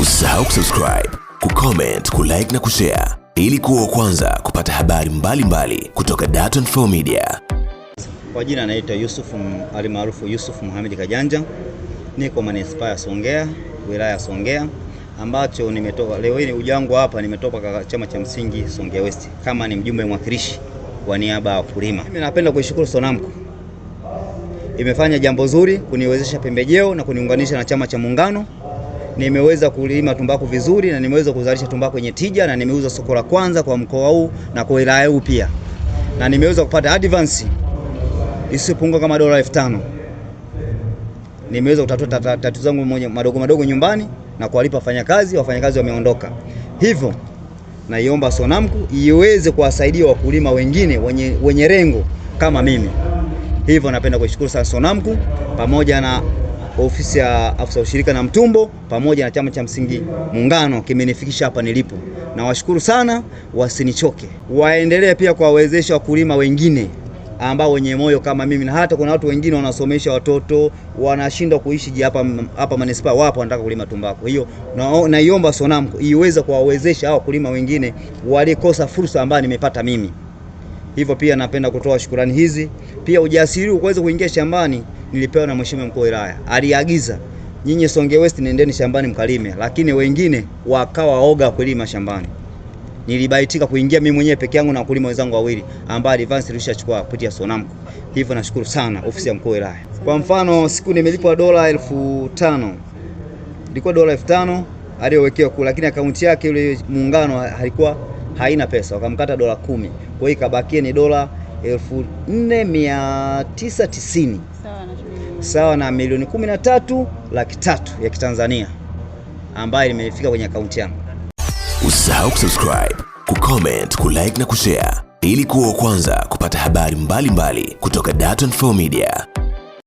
Usisahau kusubscribe, kucomment, kulike na kushare ili kuwa kwanza kupata habari mbalimbali mbali kutoka Dar24 Media. Kwa jina anaitwa Yusuf alimaarufu Yusuf Mohamed Kajanja, niko manispaa ya Songea, wilaya ya Songea ambacho nimetoka leo hii ujangu hapa, nimetoka chama cha msingi Songea West kama ni mjumbe mwakilishi kwa niaba ya wakulima. Mimi napenda kuishukuru Sonamku, imefanya jambo zuri kuniwezesha pembejeo na kuniunganisha na chama cha Muungano nimeweza kulima tumbaku vizuri na nimeweza kuzalisha tumbaku yenye tija na nimeuza soko la kwanza kwa mkoa huu na kwa wilaya huu pia, na nimeweza kupata advance isipungua kama dola elfu tano. Nimeweza kutatua tatizo zangu madogo madogo nyumbani na kuwalipa wafanyakazi, wafanyakazi wameondoka. Hivyo naiomba Sonamku iweze kuwasaidia wakulima wengine wenye, wenye rengo kama mimi. Hivyo napenda kuishukuru sana Sonamku pamoja na ofisi ya afisa ushirika na mtumbo pamoja na chama cha msingi Muungano kimenifikisha hapa nilipo. Nawashukuru sana, wasinichoke, waendelee pia kuwawezesha wakulima wengine ambao wenye moyo kama mimi, na hata kuna watu wengine wanasomesha watoto wanashindwa kuishi hapa hapa manispaa, wapo wanataka kulima tumbaku. Hiyo naiomba na Sonamco iweze kuwawezesha hao wakulima wengine walikosa fursa ambayo nimepata mimi. Hivyo pia napenda kutoa shukurani hizi, pia ujasiri ukaweza kuingia shambani nilipewa na mheshimiwa mkuu wa wilaya, aliagiza nyinyi Songea West nendeni shambani mkalime, lakini wengine wakawa oga kulima shambani. Nilibaitika kuingia mimi mwenyewe peke yangu na wakulima wenzangu wawili ambao advance tulishachukua kupitia Sonamco. Hivyo nashukuru sana ofisi ya mkuu wa wilaya. Kwa mfano, siku nimelipwa dola elfu tano ilikuwa dola elfu tano aliyowekewa kule, lakini akaunti yake yule muungano halikuwa haina pesa, wakamkata dola kumi. Kwa hiyo ikabakia ni dola elfu nne mia tisa tisini sawa na milioni kumi na tatu laki tatu ya Kitanzania ambayo imefika kwenye akaunti yangu. Usisahau kusubscribe, kucomment, kulike na kushare ili kuwa wa kwanza kupata habari mbalimbali mbali kutoka Dar24 Media.